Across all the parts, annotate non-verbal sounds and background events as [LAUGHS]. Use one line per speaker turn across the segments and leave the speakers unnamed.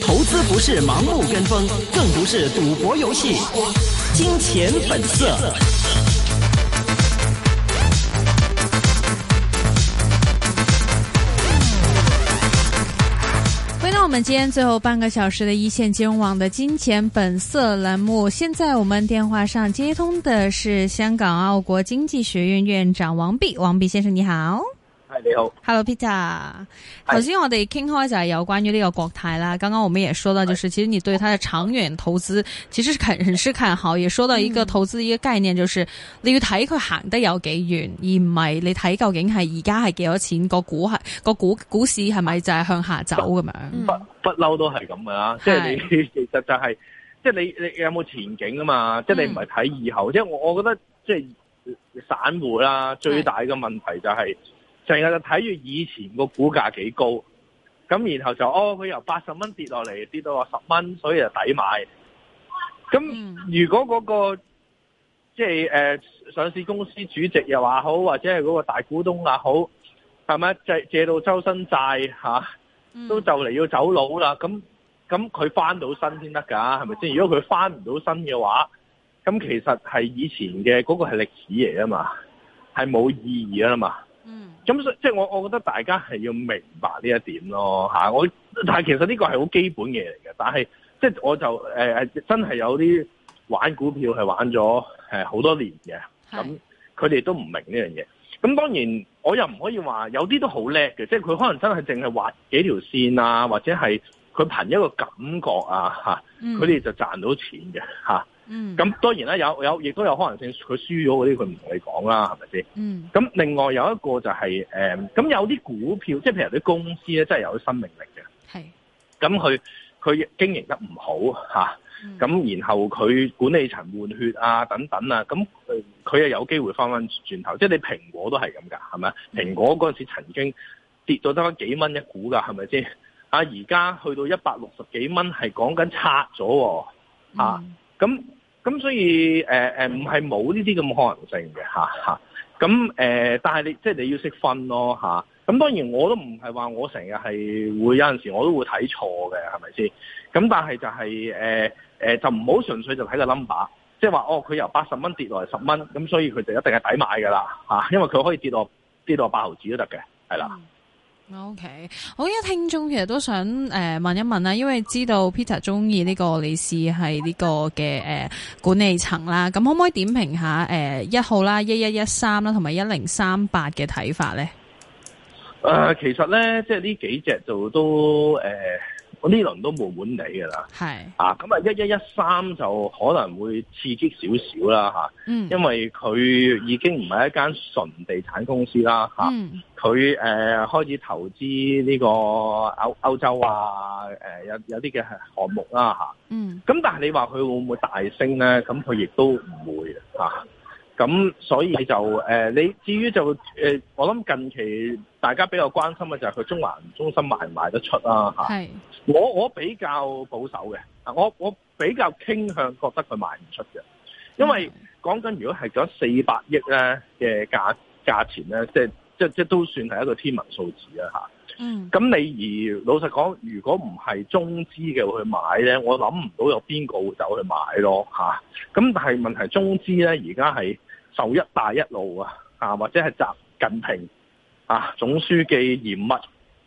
投資不是盲目跟風，更不是賭博遊戲。金錢本色。
回到我們今天最後半個小時的一線金融網的“金錢本色”欄目，現在我們電話上接通的是香港奧國經濟學院院長王弼，王弼先生你好。係、hey, 你好，Hello Peter。頭先我哋傾開就係有關於呢個國泰啦。剛剛我們也說到，就是 Hey. 其實你對它的長遠投資，其實肯是看好。也說到一個投資一個概念，就是你要睇佢行得有幾遠，而唔係你睇究竟係而家係幾多錢個股係個股股市係咪就係向下走咁樣？不
不嬲都係咁噶啦，即係你其實就係即係你你有冇前景吖嘛？即、就、係、是、你唔係睇以後，即係我我覺得即係、就是、散戶啦，Hey. 最大嘅問題就係、是。成日就睇住以前個股價幾高，咁然後就哦佢由八十蚊跌落嚟，跌到啊十蚊，所以就抵買。咁如果嗰個即係誒上市公司主席又話好，或者係嗰個大股東啊好，係咪借借到周身債嚇、啊，都就嚟要走佬啦？咁咁佢翻到身先得㗎，係咪先？如果佢翻唔到身嘅話，咁其實係以前嘅嗰個係歷史嚟啊嘛，係冇意義啊嘛。咁即係我，我覺得大家係要明白呢一點咯、啊、我但係其實呢個係好基本嘢嚟嘅，但係即係我就誒、呃、真係有啲玩股票係玩咗呃、好多年嘅，咁佢哋都唔明呢樣嘢。咁當然我又唔可以話有啲都好叻嘅，即係佢可能真係淨係畫幾條線啊，或者係佢憑一個感覺啊嚇，佢哋、啊、嗯、就賺到錢嘅嚇。嗯，咁當然啦，有有亦都有可能性佢輸咗嗰啲，佢唔同你講啦，係咪先？嗯，咁另外有一個就係、是、咁、呃、有啲股票，即係譬如啲公司咧，真係有啲生命力嘅。係是，咁佢佢經營得唔好咁、啊嗯、然後佢管理層換血啊等等啊，咁佢又有機會翻翻轉頭。即係你蘋果都係咁㗎，係咪啊？嗯、蘋果嗰陣時曾經跌咗得翻幾蚊一股㗎，係咪先？啊，而家去到一百六十幾蚊，係講緊拆咗啊，咁、嗯。嗯咁所以誒誒唔係冇呢啲咁可能性嘅，咁誒但係你即係、就是、你要識分咯，咁、啊、當然我都唔係話我成日係，會有陣時我都會睇錯嘅係咪先？咁但係就係、是、誒、呃呃、就唔好純粹就睇個 number，即係話哦佢由八十蚊跌落嚟十蚊，咁所以佢就一定係抵買㗎啦、啊、因為佢可以跌落跌落八毫紙都得嘅，係
啦。嗯 O K，好，okay。而家聽眾其實都想誒、呃、問一問啦，因為知道 Peter 中意呢個李氏係呢個嘅誒、呃、管理層啦，咁可唔可以點評下誒一、呃、號啦、一一一三啦同埋一零三八嘅睇法呢？誒、
呃，其實呢，即係呢幾隻就都誒。呃我呢輪都冇碗你噶啦，係是啊，咁啊，一一一三就可能會刺激少少啦嚇，啊嗯、因為佢已經唔係一間純地產公司啦嚇，佢、啊、誒、嗯呃、開始投資呢個歐歐洲啊誒、呃、有有啲嘅項目啦、啊、嚇，咁、啊嗯、但係你話佢會唔會大升咧？咁佢亦都唔會嚇。啊咁所以就誒、呃，你至於就誒、呃，我諗近期大家比較關心嘅就係佢中環中心賣唔賣得出啊？是我我比較保守嘅，我我比較傾向覺得佢賣唔出嘅，因為講緊是如果係咗四百億咧嘅價、價錢咧，即係即即都算係一個天文數字啊！嗯是，咁你而老實講，如果唔係中資嘅去買咧，我諗唔到有邊個會走去買咯，咁、啊、但係問題中資咧而家係。就一帶一路啊，啊或者係習近平啊總書記嚴密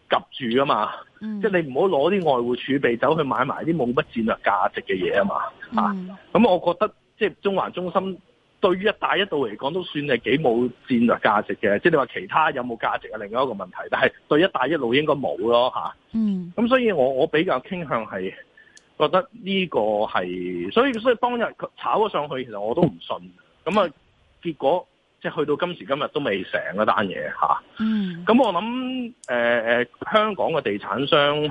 及住噶嘛，嗯、即係你唔好攞啲外匯儲備走去買埋啲冇乜戰略價值嘅嘢啊嘛，嚇咁、嗯啊、我覺得即係中環中心對於一帶一路嚟講都算係幾冇戰略價值嘅，即係你話其他有冇價值係另外一個問題，但係對一帶一路應該冇咯嚇。咁、啊嗯、所以我我比較傾向係覺得呢個係，所以所以當日炒咗上去，其實我都唔信咁啊。嗯結果即係去到今時今日都未成嗰單嘢，咁我諗、呃、香港嘅地產商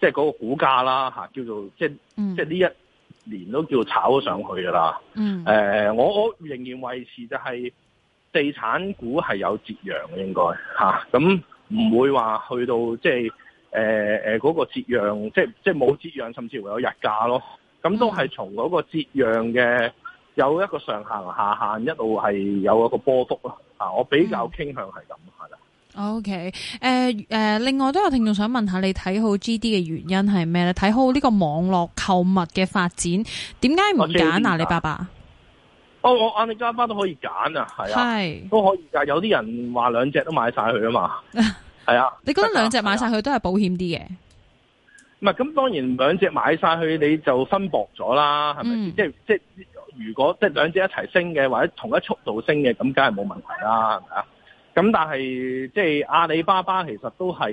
即係嗰個股價啦叫做，即係、嗯、即呢一年都叫炒咗上去啦。誒、嗯呃、我我仍然維持就係地產股係有折讓嘅，應該咁唔、啊、會話去到、嗯、即係嗰、呃嗰個折讓，即係即冇折讓，甚至乎有溢價咯。咁都係從嗰個折讓嘅。有一個上限下限，一路係有一個波幅咯。啊，我比較傾向係咁係啦。
O K，誒誒，另外都有聽眾想問下你睇好 G D 嘅原因係咩咧？睇好呢個網絡購物嘅發展，點解唔揀阿里巴巴
哦，oh, 我阿里巴巴都可以揀啊，係啊，是的都可以噶。有啲人話兩隻都買晒佢啊嘛，係啊 [LAUGHS] 的。
你覺得兩隻買晒佢都係保險啲嘅？
唔係、嗯，咁當然兩隻買晒佢你就分薄咗啦，係咪？即係即係、嗯。如果即兩隻一齊升嘅，或者同一速度升嘅，咁梗係冇問題啦，係咪啊？咁但係即係阿里巴巴其實都係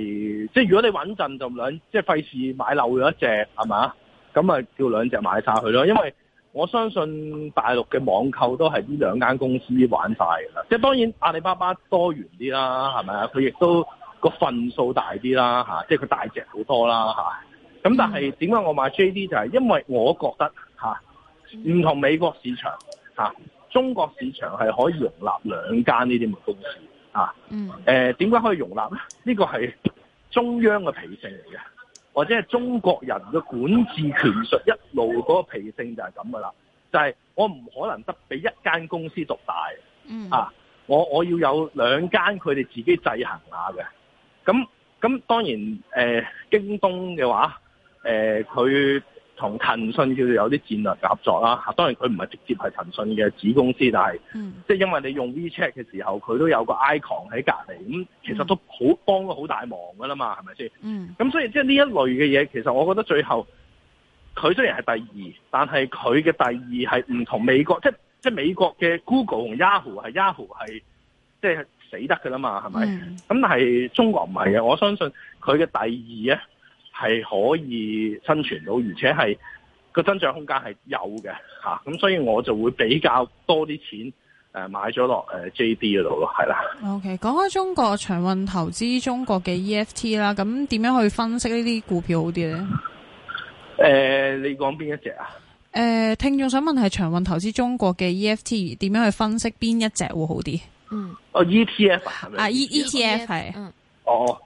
即係如果你穩陣就兩即係費事買漏咗一隻，係咪啊？咁啊叫兩隻買曬佢咯，因為我相信大陸嘅網購都係呢兩間公司玩晒㗎啦。即係當然阿里巴巴多元啲啦，係咪啊？佢亦都個份數大啲啦，嚇！即係佢大隻好多啦，嚇！咁但係點解我買 JD 就係因為我覺得嚇？唔同美國市場、啊、中國市場係可以容納兩間呢啲公司，啊嗯呃、點解可以容納咧？呢、呢個係中央嘅脾性嚟嘅，或者係中國人嘅管治權術一路嗰個脾性就係咁嘅啦。就係、係、我唔可能得俾一間公司獨大啊！我我要有兩間佢哋自己制衡下嘅。咁咁當然、呃、京東嘅話佢。呃同騰訊叫做有啲戰略合作啦、啊，當然佢唔係直接係騰訊嘅子公司，但係即係因為你用 WeChat 嘅時候，佢都有個 icon 喺隔離，咁其實都好、嗯、幫咗好大忙噶啦嘛，係咪先？咁、嗯嗯、所以即係呢一類嘅嘢，其實我覺得最後佢雖然係第二，但係佢嘅第二係唔同美國，即係即係美國嘅 Google 同 Yahoo 係 Yahoo 係即係死得噶啦嘛，係咪？咁、嗯、但係中國唔係嘅，我相信佢嘅第二咧。係可以生存到，而且係個增長空間係有嘅吓，咁、啊、所以我就會比較多啲錢誒、呃、買咗落誒 J D 嗰度咯，係、呃 okay,
e、啦。O K，講開中國長運投資中國嘅 E F T 啦，咁點樣去分析呢啲股票好啲呢？誒、
呃，你講邊一隻啊？誒、
呃，聽眾想問係長運投資中國嘅 E F T 點樣去分析邊一隻會好啲？嗯，
哦 ETF, 係咪、啊、E T F 啊 E E T F 係，嗯，哦。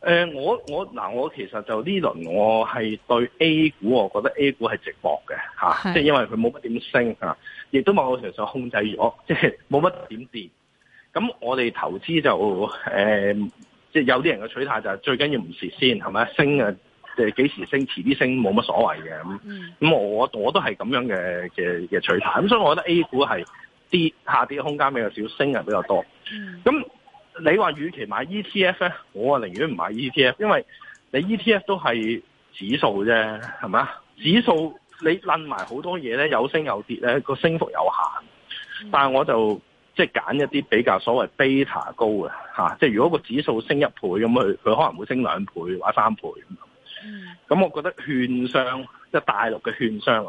誒、呃，我我嗱、呃，我其實就呢輪我係對 A 股，我覺得 A 股係值博嘅吓。即、啊、係的因為佢冇乜點升啊，亦都某個程度控制咗，即係冇乜點跌。咁我哋投資就誒，即、呃、係、就是、有啲人嘅取態就係最緊要唔蝕先，係咪升、就是、升，升啊，即係幾時升，遲啲升冇乜所謂嘅。
咁
咁我我都係咁樣嘅嘅嘅取態。咁、啊、所以我覺得 A 股係跌下跌嘅空間比較少，升係比較多。咁、嗯嗯你話與其買 ETF 咧，我啊寧願唔買 ETF，因為你 ETF 都係指數啫，係咪？指數你撚埋好多嘢咧，有升有跌咧，個升幅有限。但係我就即係揀一啲比較所謂 beta 高嘅、吓、即係如果個指數升一倍咁，佢佢可能會升兩倍或者三倍。咁我覺得券商即係大陸嘅券商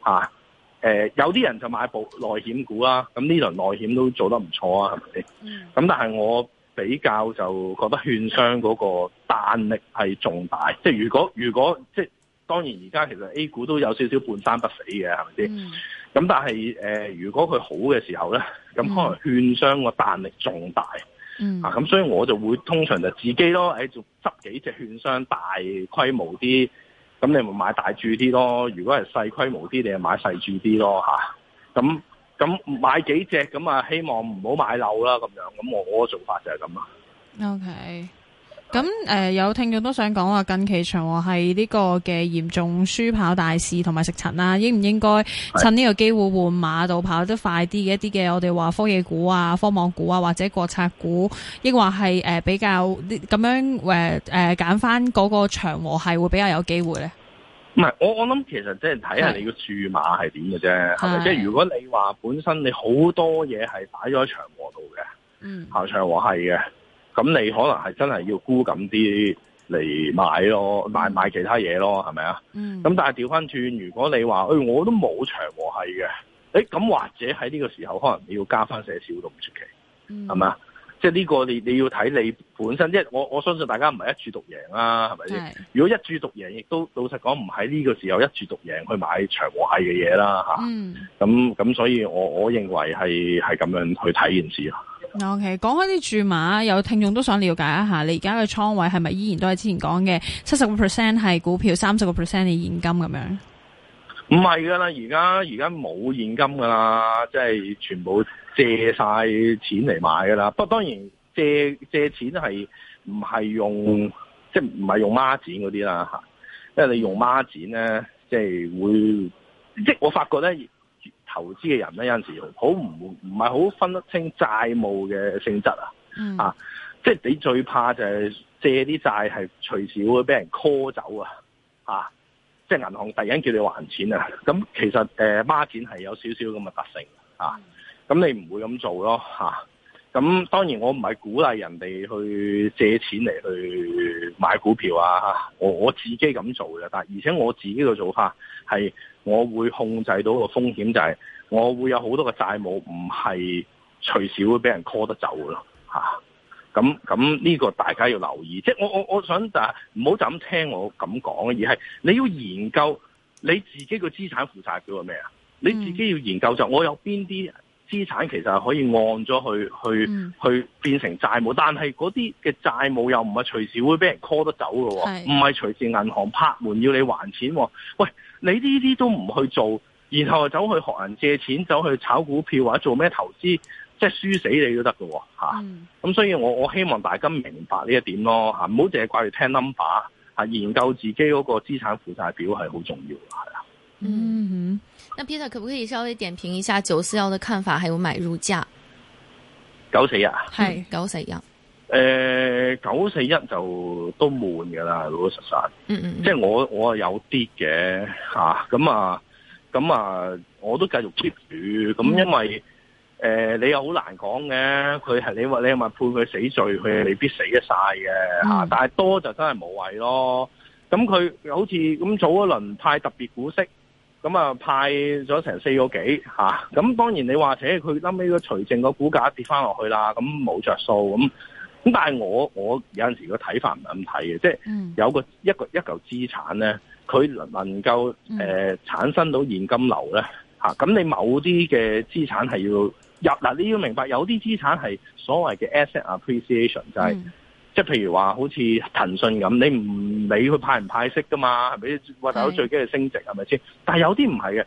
啊。誒、呃、有啲人就買保內險股啦、啊，咁呢輪內險都做得唔錯啊，係咪？咁、嗯、但係我比較就覺得券商嗰個彈力係重大，即係如果如果即係當然而家其實 A 股都有少少半生不死嘅，係咪先？咁、嗯、但係誒、呃，如果佢好嘅時候咧，咁可能券商個彈力重大，嗯、啊咁所以我就會通常就自己咯，誒就執幾隻券商大規模啲。咁你咪買大注啲咯，如果係細規模啲，你咪買細注啲咯吓，咁、啊、咁買幾隻，咁啊希望唔好買漏啦咁樣。咁我個做法就係咁啦。
O K。咁誒、呃、有聽眾都想講話近期長和系呢個嘅嚴重輸跑大市同埋食塵啦、啊，應唔應該趁呢個機會換馬度跑得快啲嘅一啲嘅的我哋話科技股啊、科網股啊或者國策股，亦或係誒比較咁樣誒揀翻嗰個長和系會比較有機會咧？
唔係，我我諗其實即係睇下你個注碼係點嘅啫，係咪？即係如果你話本身你好多嘢係擺咗喺長和度嘅，嗯，跑長和系嘅。咁你可能係真係要沽緊啲嚟買咯，買買其他嘢咯，係咪啊？咁、嗯、但係調翻轉，如果你話、欸，我都冇長和係嘅，誒、欸、咁或者喺呢個時候，可能你要加翻少少都唔出奇，係咪啊？嗯、即係呢個你你要睇你本身，即係我我相信大家唔係一注獨贏啦、啊，係咪先？是如果一注獨贏也，亦都老實講唔喺呢個時候一注獨贏去買長和係嘅嘢啦，嚇、嗯。咁咁、啊，所以我我認為係係咁樣去睇件事咯。
OK，講開啲注碼，有聽眾都想了解一下，你而家嘅倉位係咪依然都係之前講嘅七十個 percent 係股票，三十個 percent 係現金咁樣？
唔係噶啦，而家而家冇現金噶啦，即係全部借晒錢嚟買噶啦。不過當然借借錢係唔係用，嗯、即係唔係用孖展嗰啲啦吓，因為你用孖展咧，即係會即係我發覺咧。投資嘅人咧，有陣時好唔唔係好分得清債務嘅性質、嗯、啊，啊，即係你最怕就係借啲債係隨時會俾人 call 走啊，啊，即係銀行突然間叫你還錢啊，咁其實誒孖、呃、錢係有少少咁嘅特性啊，咁、嗯啊、你唔會咁做咯咁、啊、當然我唔係鼓勵人哋去借錢嚟去買股票啊，我我自己咁做嘅，但係而且我自己嘅做法係。我會控制到個風險，就係我會有好多嘅債務唔係隨時會俾人 call 得走咯嚇。咁咁呢個大家要留意，即係我我我想，但係唔好就咁聽我咁講，而係你要研究你自己個資產負債表係咩啊？你自己要研究就我有邊啲。資產其實係可以按咗去去去變成債務，但係嗰啲嘅債務又唔係隨時會俾人 call 得走噶唔係隨時銀行拍門要你還錢。喂，你呢啲都唔去做，然後走去學人借錢，走去炒股票或者做咩投資，即係輸死你都得噶吓。咁、嗯、所以我我希望大家明白呢一點咯吓，唔好淨係掛住聽 number，吓，研究自己嗰個資產負債表係好重要噶係啊。嗯哼。
那 Peter 可唔可以稍微點評一下九四一嘅看法，還有買入價？
九四一，係，九四一，誒、呃，九四一就都悶嘅啦，老實講，嗯嗯，即係我我有啊有啲嘅吓，咁啊咁啊，我都繼續 keep 住，咁因為誒、嗯呃、你又好難講嘅，佢係你你係咪判佢死罪，佢未必死得晒嘅吓，啊嗯、但係多就真係無謂咯，咁佢好似咁早一輪派特別股息。咁啊派咗成四個幾吓咁、啊、當然你話者佢後尾個除淨個股價跌翻落去啦，咁冇着數咁。咁但係我我有陣時個睇法唔係咁睇嘅，即係有個一個、嗯、一嚿資產咧，佢能夠、呃、產生到現金流咧咁、啊、你某啲嘅資產係要入嗱，你要明白有啲資產係所謂嘅 asset appreciation 就係、是。即係譬如話，好似騰訊咁，你唔理佢派唔派息噶嘛，係咪？話大佬最驚係升值係咪先？但係有啲唔係嘅，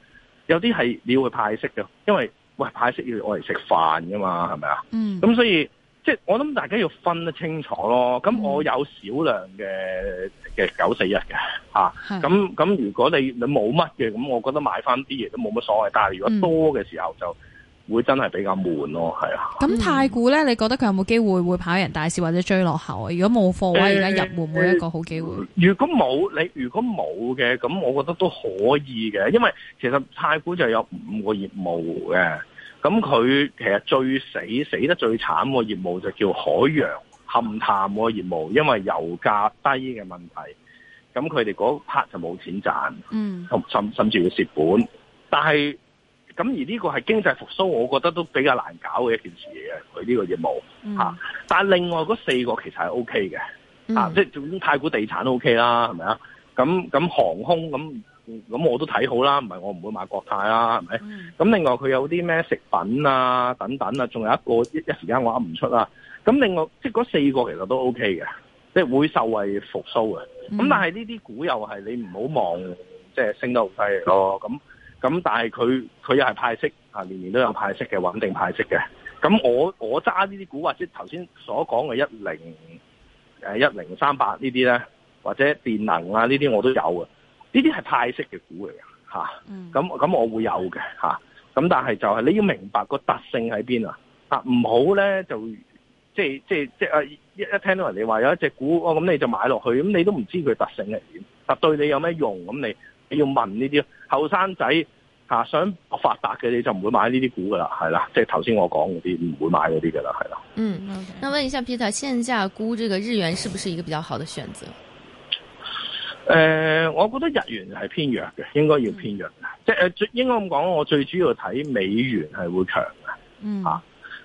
有啲係你要派息嘅，因為喂派息要我嚟食飯噶嘛，係咪啊？咁、嗯、所以即係我諗大家要分得清楚咯。咁我有少量嘅嘅九四一嘅嚇，咁咁、啊、的如果你你冇乜嘅，咁我覺得買翻啲嘢都冇乜所謂。但係如果多嘅時候就。嗯會真係比較悶咯，係啊。
咁太古呢，你覺得佢有冇機會會跑贏大市或者追落後啊？如果冇貨位而家入，門會唔會一個好機會？
如果冇，你如果冇嘅，咁我覺得都可以嘅，因為其實太古就有五個業務嘅，咁佢其實最死死得最慘個業務就叫海洋勘探個業務，因為油價低嘅問題，咁佢哋嗰 part 就冇錢賺，嗯，甚甚至要蝕本，但係。咁而呢個係經濟復甦，我覺得都比較難搞嘅一件事嚟嘅。佢呢個業務，嗯啊，但係另外嗰四個其實係 O K 嘅，即係做啲太古地產 O、OK、K 啦，係咪啊？咁咁航空咁咁我都睇好啦，唔係我唔會買國泰啦，係咪？咁，嗯啊，另外佢有啲咩食品啊等等啊，仲有一個一一時間我噏唔出啦啊。咁另外即係嗰四個其實都 O K 嘅，即係會受惠復甦嘅。咁，嗯啊，但係呢啲股又係你唔好望，即係升得好犀利咯咁。哦嗯嗯咁但係佢佢又係派息啊，年年都有派息嘅，穩定派息嘅。咁我我揸呢啲股或者頭先所講嘅一零誒一零三八呢啲咧，或者電能啊呢啲我都有啊。呢啲係派息嘅股嚟嘅嚇。咁咁我會有嘅嚇。咁、啊、但係就係你要明白個特性喺邊啊？唔好咧就即係即係即係啊！一、即係即係、一聽到人哋話有一隻股咁，你就買落去咁，你都唔知佢特性係點，但對你有咩用？咁你你要問呢啲後生仔嚇想發達嘅你就唔會買呢啲股噶啦，係啦，即係頭先我講嗰啲唔會買嗰啲噶啦，係啦。嗯，
那問一下 Peter，現價沽這個日元是不是一個比較好的選擇？
誒、呃，我覺得日元係偏弱嘅，應該要偏弱啊。嗯、即係誒最應該咁講，我最主要睇美元係會強嘅。嗯。嚇、啊，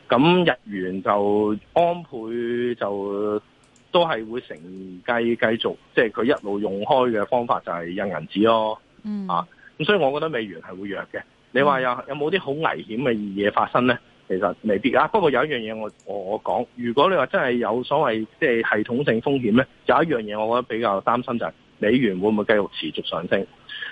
咁日元就安倍就都係會乘機繼續，即係佢一路用開嘅方法就係印銀紙咯。嗯。啊。咁所以，我覺得美元係會弱嘅。你話有有冇啲好危險嘅二嘢發生呢？其實未必啊。不過有一樣嘢我我講，如果你話真係有所謂即係系統性風險呢，有一樣嘢我覺得比較擔心就係美元會唔會繼續持續上升。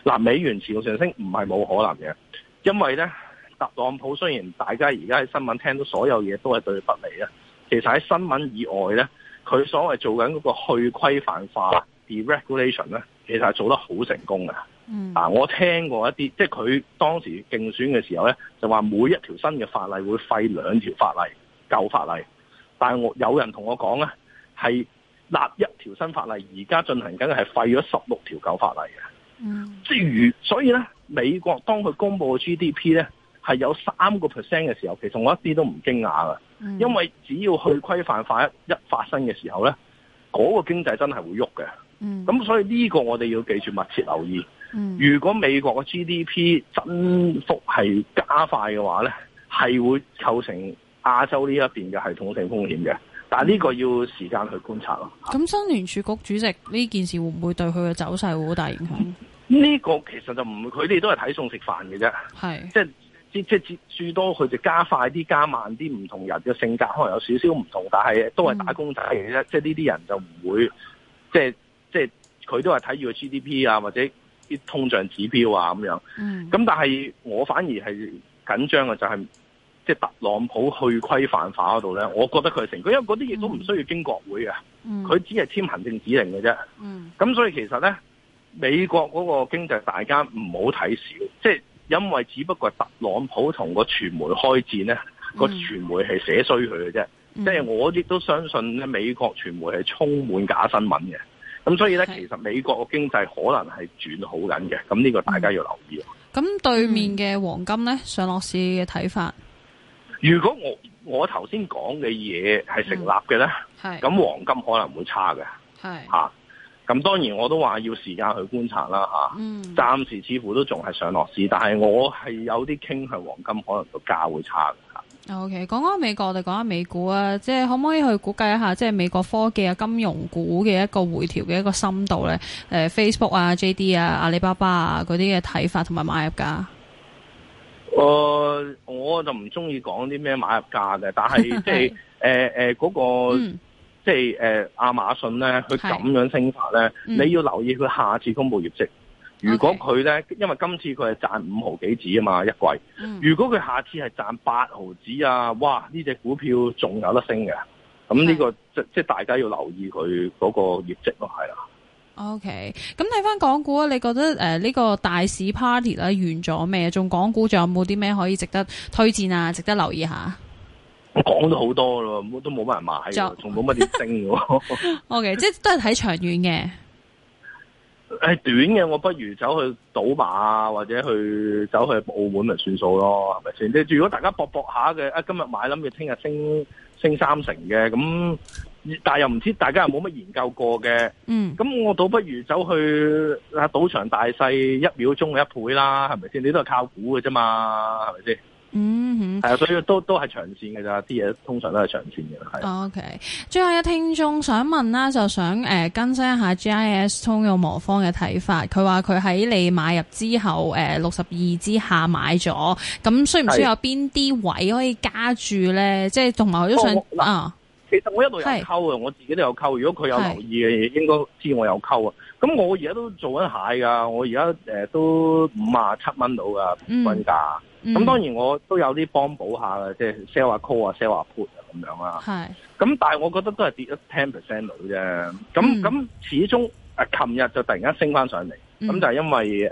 嗱、呃，美元持續上升唔係冇可能嘅，因為呢，特朗普雖然大家而家喺新聞聽到所有嘢都係對不利啊，其實喺新聞以外呢，佢所謂做緊嗰個去規範化 deregulation 呢，其實係做得好成功嘅。嗱、嗯啊，我聽過一啲，即係佢當時競選嘅時候咧，就話每一條新嘅法例會廢兩條法例舊法例，但係我有人同我講咧，係立一條新法例，而家進行緊嘅係廢咗十六條舊法例嘅。嗯，即係如所以咧，美國當佢公布 GDP 咧係有三個 percent 嘅時候，其實我一啲都唔驚訝噶，嗯、因為只要去規範化一發生嘅時候咧，嗰、那個經濟真係會喐嘅。嗯，咁所以呢個我哋要記住密切留意。嗯、如果美國嘅 GDP 增幅係加快嘅話呢，係會構成亞洲呢一邊嘅系統性風險嘅。但係呢個要時間去觀察咯。
咁、嗯、新聯儲局主席呢件事會唔會對佢嘅走勢會好大影響？呢、嗯這
個其實就唔佢哋都係睇餸食飯嘅啫，係是即係即係至多佢哋加快啲，加慢啲，唔同人嘅性格可能有少少唔同，但係都係打工仔嘅啫，嗯。即係呢啲人就唔會即係即係佢都係睇住個 GDP 啊或者。啲通脹指標啊咁樣，咁、嗯、但係我反而係緊張嘅、就是，就係即係特朗普去規範化嗰度咧，我覺得佢成功，因為嗰啲嘢都唔需要經國會啊，佢、嗯、只係簽行政指令嘅啫。咁、嗯、所以其實咧，美國嗰個經濟大家唔好睇少，即、就、係、是、因為只不過係特朗普同個傳媒開戰咧，嗯、個傳媒係寫衰佢嘅啫。即係、嗯、我亦都相信咧，美國傳媒係充滿假新聞嘅。咁所以咧，其實美國嘅經濟可能係轉好緊嘅，咁呢個大家要留意。
咁、嗯、對面嘅黃金呢，上落市嘅睇法？
如果我我頭先講嘅嘢係成立嘅呢，咁、嗯、黃金可能會差嘅。
係
嚇是，咁、啊、當然我都話要時間去觀察啦嚇。啊、嗯，暫時似乎都仲係上落市，但係我係有啲傾向黃金可能個價會差的。
O K，講講美國，我哋講下美股啊，即係可唔可以去估計一下，即係美國科技啊、金融股嘅一個回調嘅一個深度咧？誒、呃、，Facebook 啊、J D 啊、阿里巴巴啊嗰啲嘅睇法同埋買入價、
呃。我我就唔中意講啲咩買入價嘅，但係即係誒誒嗰個，嗯、即係誒亞馬遜咧，佢咁樣升法咧，嗯、你要留意佢下次公布業績。如果佢咧，Okay. 因為今次佢係賺五毫幾紙啊嘛一季，嗯、如果佢下次係賺八毫紙啊，哇！呢隻股票仲有得升嘅，咁、嗯、呢 Okay.、這個即即大家要留意佢嗰個業績咯，係啦、okay.
嗯。O K，咁睇翻港股啊，你覺得誒呢、呃這個大市 party 咧、啊、完咗未？仲港股仲有冇啲咩可以值得推薦啊？值得留意下。
我講咗好多咯，都冇乜人買，仲冇乜點升喎、啊。O、
okay. K，即都係睇長遠嘅。 [LAUGHS]
係短嘅，我不如走去賭馬啊，或者去走去澳門咪算數咯，係咪先？你如果大家搏搏下嘅，啊今日買諗住聽日升升三成嘅，咁但係又唔知大家有冇乜研究過嘅，嗯，咁我倒不如走去啊賭場大細一秒鐘一倍啦，係咪先？你都係靠估嘅啫嘛，係咪先？嗯哼，係啊，所以都都係長線嘅咋。啲嘢通常都係長線嘅
係。OK，最後一聽眾想問啦，就想誒、呃、更新一下 G I S 通用魔方嘅睇法。佢話佢喺你買入之後誒六十二之下買咗，咁需唔需要有邊啲位可以加注咧？的即係同埋我都想我我啊。其實我一路有
溝啊，的我自己都有溝。如果佢有留意嘅嘢，的應該知我有溝啊。咁我而家都在做緊蟹噶，我而家、呃、都五十七蚊到噶均價。咁、嗯嗯、當然我都有啲幫補下啦，即係 sell 啊 call 啊 sell 啊 put 啊咁樣啦。咁是但係我覺得都係跌咗 ten percent 到啫。咁咁、嗯、始終誒，琴、呃、日就突然間升翻上嚟。咁就係因為誒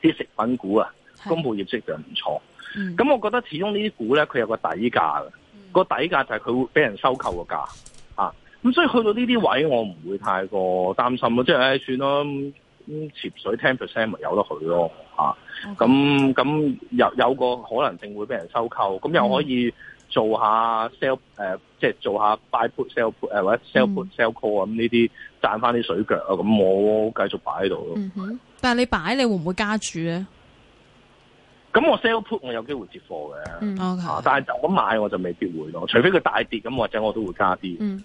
啲、呃、食品股啊，公布業績就唔錯。咁是、嗯、我覺得始終呢啲股咧，佢有個底價嘅，個、嗯、底價就係佢會俾人收購個價。咁、嗯、所以去到呢啲位，我唔會太過擔心咯，即係誒、哎，算咯，潛水 ten percent 咪有得去咯，吓、啊，咁咁 Okay.、嗯、有有個可能性會俾人收購，咁、嗯、又可以做下 sell 誒、呃，即係做下 buy put sell put，或、呃、者 sell put、嗯、sell call 咁呢啲賺翻啲水腳啊，咁我繼續擺喺度咯。
但係你擺你會唔會加住咧？咁、嗯、我 sell
put 我有機會接貨
嘅 Okay.、啊，
但係就咁買我就未必會咯，除非佢大跌咁，或者我都會加啲。嗯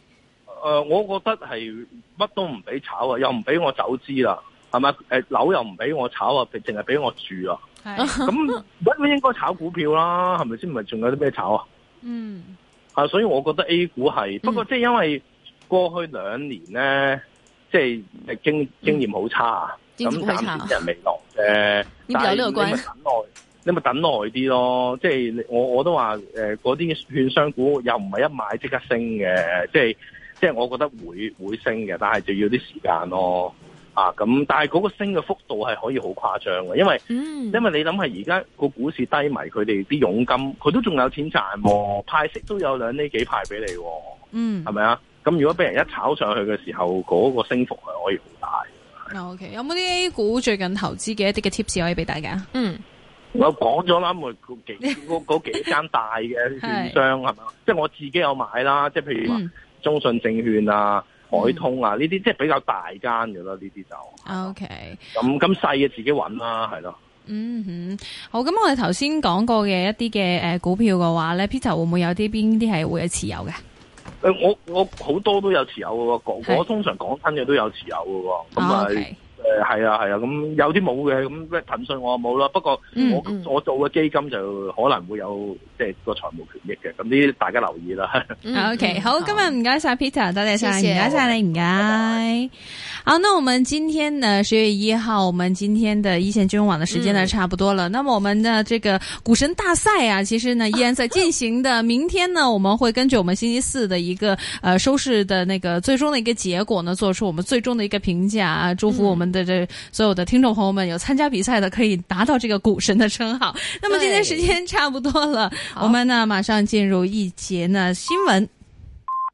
誒，我覺得係乜都唔俾炒啊，又唔俾我走資啦，係咪？誒，樓又唔俾我炒啊，淨係俾我住啊。
咁乜都應該
炒股票啦，係咪先？唔係仲有啲咩炒啊？
嗯，
啊，所以我覺得 A 股係，不過即係因為過去兩年咧，即係誒經經驗好差啊，咁暫時啲人未落誒，有個點解樂觀？你咪等耐，你咪等耐啲咯。即係，我我都話誒，嗰啲券商股又唔係一買即刻升嘅，即係。即係我覺得會會升嘅，但係就要啲時間咯。啊，咁但係嗰個升嘅幅度係可以好誇張嘅，因為、嗯、因為你諗係而家個股市低迷，佢哋啲佣金佢都仲有錢賺喎，派息都有兩厘幾派俾你。嗯，係咪啊？咁如果俾人一炒上去嘅時候，嗰、嗰個升幅係可以好大。
嗯、o、okay. K，有冇啲 A 股最近投資嘅一啲嘅 tips 可以俾大家？嗯，
我講咗啦，冇 [LAUGHS] 幾嗰幾間大嘅券商係咪 [LAUGHS] 是？即係我自己有買啦，即係譬如。嗯中信證券啊，海通啊，呢啲即係比較大間嘅咯，呢啲就。
Okay。
咁咁細嘅自己揾啦，係咯。嗯哼，
好。咁我哋頭先講過嘅一啲嘅誒股票嘅話咧，Peter 會唔會有啲邊啲係會有持有嘅？誒、呃，
我我好多都有持有嘅喎，我通常講親嘅都有持有嘅喎，咁啊誒係啊係啊，咁有啲冇嘅，咁咩騰訊我冇啦，不過我嗯嗯我做嘅基金就可能會有。即係個財務權益嘅，咁
呢啲大家留意啦。O、okay, K，好，今日唔該晒 Peter，多謝晒，唔該晒你，唔該。好，那我們今天呢十月一號，我們今天的一線金融網的時間呢，差不多了。嗯、那麼我們的這個股神大賽啊，其實呢依然在進行的。明天呢，我們會根據我們星期四的一個，呃，收市的那個最終的一個結果呢，做出我們最終的一個評價，啊。祝福我們的這所有的聽眾朋友們，有參加比賽的可以拿到這個股神的稱號。那麼今天時間差不多了。好我們呢，馬上進入一節呢新聞。